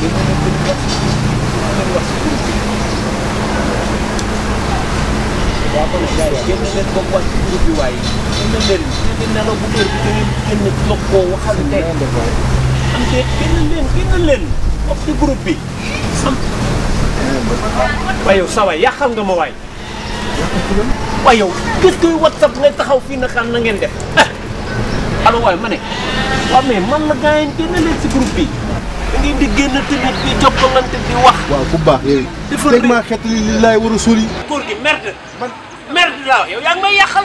waaw kon gars yi génn leen ko wax ci groupe bi waaye génn leen di nelaw bu heure bi dañuy génn toog koo waxante am te génn leen génn leen wax ci groupe bi sam waaye yow sa waay yàqal nga ma waay waaye yow gis koy whatsapp ngay taxaw fii nakaan na ngeen def ah eh, alors waaye ma ne waaw mais man la gars yi génn leen si groupe bi ngeen di génn tamit di jokkalante di wax. waaw bu baax yooyu. defal léegi maa xet li laay war a sori. góor gi merde. man laa yow yaa may yàqal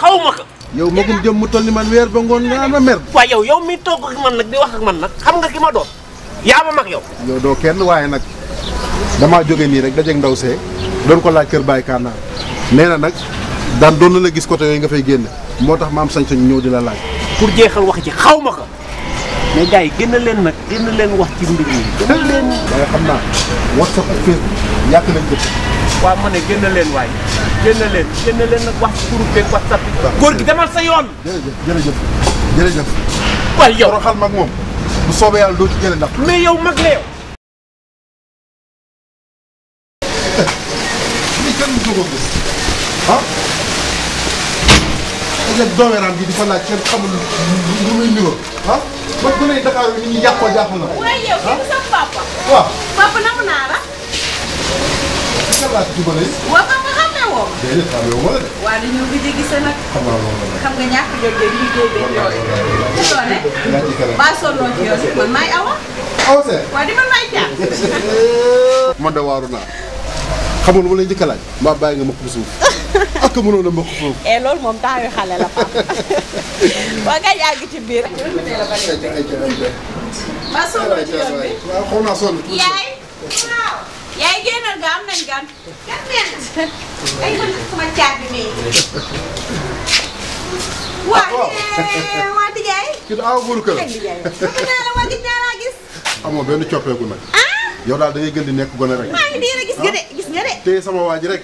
xaw ma ko. yow jëm mu toll ni man weer ngoon nga am a merde. yow yow mi toog ak man nag di wax ak man nag xam nga ki ma doon yaa ma mag yow. yow doo kenn waaye nag damaa jóge nii rek dajeeg ndaw see doon ko laaj kër Baye Kanda nee na nag daan doon na la gis côté yooyu nga fay génn moo tax maam sañ-sañ ñëw di la laaj. pour jeexal wax ci xaw ma ko mais gars yi génn leen nag génn leen wax ci mbir mi génn leen. waaye xam naa whatsapp ak facebook yàq nañ ko. waaw ma ne génn leen waay génn leen génn leen nag wax groupe beeg whatsapp bi. góor gi demal sa yoon. jërëjëf jërëjëf jërëjëf. waaye yow toroxal mag moom bu soobee yàlla doo ci jëlee ndax. mais yow mag la yow. lii kenn du ko gis. dajeeg doomeeraam di ko laaj kenn xamul lu muy niroo ah ba bu ne Dakar yi ni ñu yàqoo jaaxal na. waaye ah? naa la. waaw papa xam a la xam yooyu. yaa ci kanam baa sonnoo ci di man maay jaar. man de waaru naa xamul wala njëkk a laaj. maa bàyyi nga ma ko ak mënoon a mbokk foofu. et loolu moom temps yu xale la Pape ba nga yàgg ci biir. ma sonn ci yoon bi waaw xaw naa sonn tuuti. yaay waaw yaay génnal nga am nañ gan. gan ngeen ay man sama caabi nii. waaw waa Ndiaye. kii la awa buuru kër. la gis. amoo benn coppeeku nag. yow daal da ngay gën di nekk gone rek. maa ngi rek gis nga de gis nga de. tey sama waa ji rek.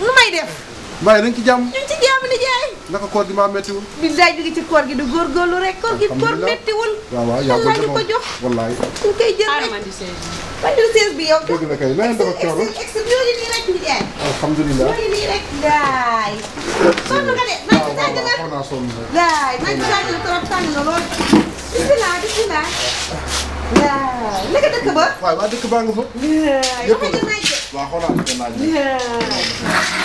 nu may def. waaye nañ ci jàmm. ñu ngi ci jàmm ni jaay. naka koor gi maa méttiwul. billaay jóge ci koor gi di góorgóorlu rek. koor gi koor méttiwul. waaw waaw yàlla ñu ko jox wallaay. ñu koy jël rek armandi sees bi. armandi sees bi yow. dëgg la kay leneen dafa coono ex ex ñoo ngi nii rek ni jaay. alhamdulilah ñoo ngi nii rek. gaay. sonn nga de maa ngi ci tàng la waaw waaw xaw naa sonn rek. gaay maa ngi ci tàng la trop tàng la lool. bisimilah bisimilah. waaw naka dëkk ba. waaw waaw dëkk baa nga fa. yëpp la waaw xoolal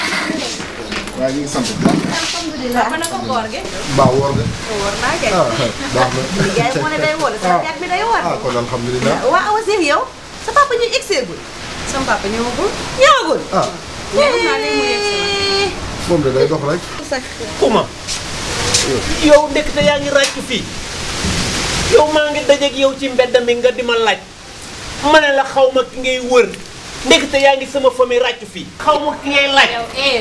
waaye ñu ngi sant bu baax. alhamdulilah mën na ko woor ge. mbaa woor ge. woor naa ah, kay. baax iya, na. liggéey ah. moo ne day woor sa jàpp bi day woor. ah kon alhamdulilah. Iya, waa ya, ya, ya, ah. moom de day dox rek. kuma. yow ndekete yaa ngi ràcc fii. yow maa ngi dajeeg yow ci mbedd di ma laaj. ma ne la xaw ma ndekete yaa ngi sama famille ràcc fii. xaw ma ki ngay laaj. Eh,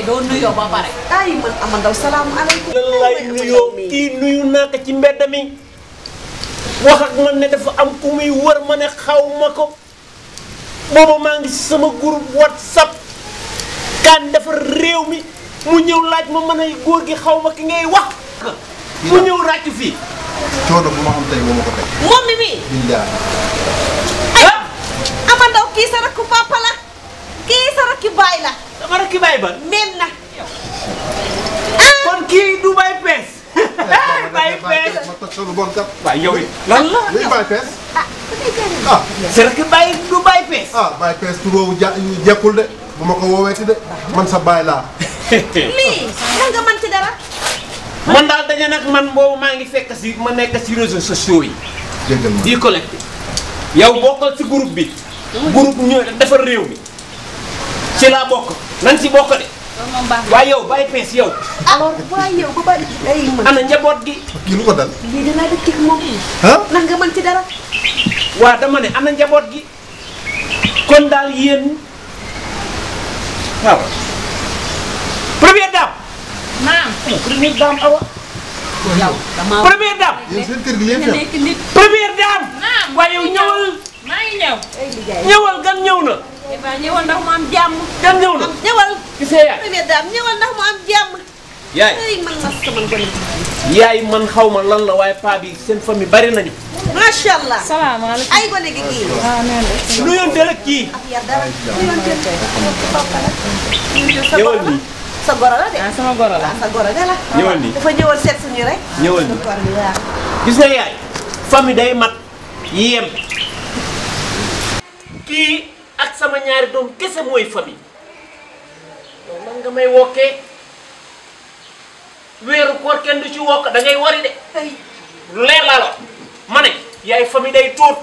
ci mbedd am ku muy wër ma xaw ma ko. sama groupe whatsapp. réew mi mu ñëw laaj ma mën ay góor gi xaw ma ki ngay wax. mu ñëw ràcc fii. coono bu ma xam tey moom mi mi. kii sa rakku papa la kii sa rakki baay la sama rakki baay ba meen na ah! kon kii du bay pees bay pes. ma toj sunu bon kat waay yow it lan la li bay pees ah sa ah. rakki baay du bay pees ah bay pes. tu boobu jekkul de bu ma ko wooweeti de man sa baay laa lii lan nga man ci dara man daal dañu nag man boobu maa ngi fekk si ma nekk si réseaux sociaux yi di collecté yow bokkal si groupe bi groupe bu ñëw defal réew mi ci la bok nañ ci bok de wa yow bay pees yow alors wa yow ba bari ay man ana njabot gi ki lu ko dal dina dinaa tik mom moom ndax nga man ci dara wa dama ne ana njabot gi kon dal yeen wa première dame première dame awa première dame première dame ñëw ñëwal gan ñëw na ñëwal ndax mu am jàmm gan ñëw na ñëwal gisee yaay premier dame ñëwal ndax mu am jàmm yaay man man ko yaay man xawma lan la waaye paa bi seen famille bari nañu masha allah salaamaaleykum ay gone gi kii nu yonte rek kii ñëwal nii sa goro la de sama goro sa goro la ñëwal dafa ñëwal seet suñu rek ñëwal nii gis yaay famille day mat yem kii ak sama ñaari doom kese mooy famille yow man nga may wokkee weeru koor kenn du ci wokk dangay ngay wari de lu leer laa la ma ne yaay famille day tóot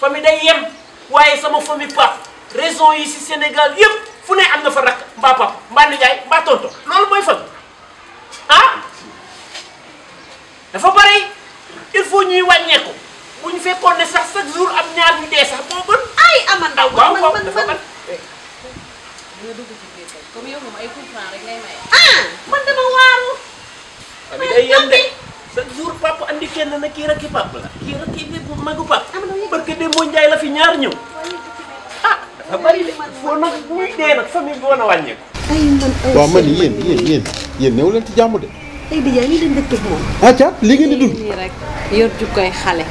famille day yem waaye sama famille pap raison yi si Sénégal yëpp fu ne am na fa rakk mbaa pap mbaa nijaay mbaa tonto loolu mooy famille ah dafa bari il faut ñuy wàññeeku. bu ñu fekkoon ne sax ñaar ñu dee sax moo gën. ay aman ndaw ah, man ah, ah, na kii yéen fi ñaar ñëw. ah dafa bari de yéen yéen yéen leen ci jàmm de. ay di jaay ñu dem dëkk li ngeen di dund. nii koy xale.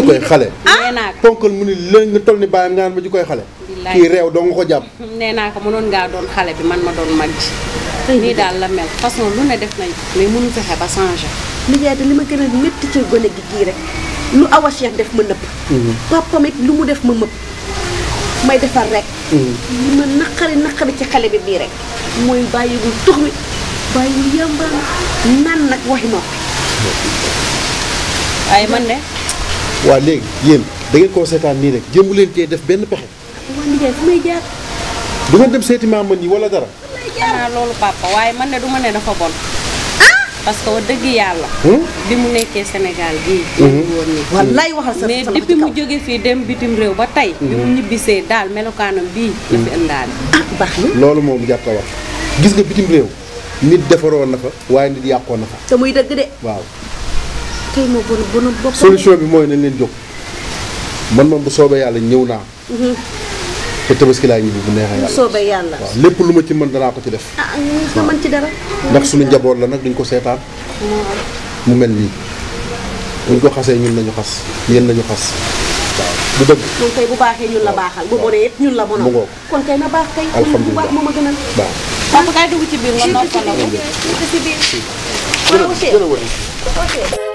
jikkoy xale. Ah? nee naa ko ponkal mu ni leen nga toll ni bàyyam nga naan réew doo nga nee naa ko mënoon ngaa doon bi man ma doon mag ji. nii daal la mel façon lu ne def nañ mais mënu fexe ba changé. nijaay te li ma gën a métti ci gone gi kii rek lu awa Cheikh def ma nëpp. Mhm. papam it lu mu def ma mëpp. may defar rek. Mhm. li ma ci xale bi bii rek. mooy bàyyiwul tux nag waxi noppi. waaye man de. waa léegi yéen da ngeen koo seetaan nii rek jéemu leen cee def benn pexe. waaw Ndiaye fu du ngeen dem seeti maam yi walla dara. xanaa loolu papa waaye man ne duma ma ne dafa bon. Ah! parce que dëgg yàlla. Hmm? bi mu nekkee senegal gii. Hmm. woon nii wallaay waxal sa mais depuis mu jóge fii dem bitim réew ba tey. bi mu hmm. ñibbisee daal melokaanam bii. la fi ëndaal. Ah, loolu moom jàpp wax gis nga bitim réew nit defaroon na fa waaye nit yàqoon na fa. te muy dëgg de waaw. kay moo gën solution bi mooy nañ leen jóg man moom bu soobee yàlla ñëw naa. Mhm. te tabaski laa ñibbi bu neexee yàlla lépp lu ma ci mën danaa ko ci def. ah ndax suñu njaboot la nag duñ ko seetaan. mu mel nii buñ ko xasee ñun lañu xas yéen lañu xas. bu dëgg kon kay bu baaxee ñun la baaxal bu bonee yëpp kon kay na baax kay bu baax moom a gënal baax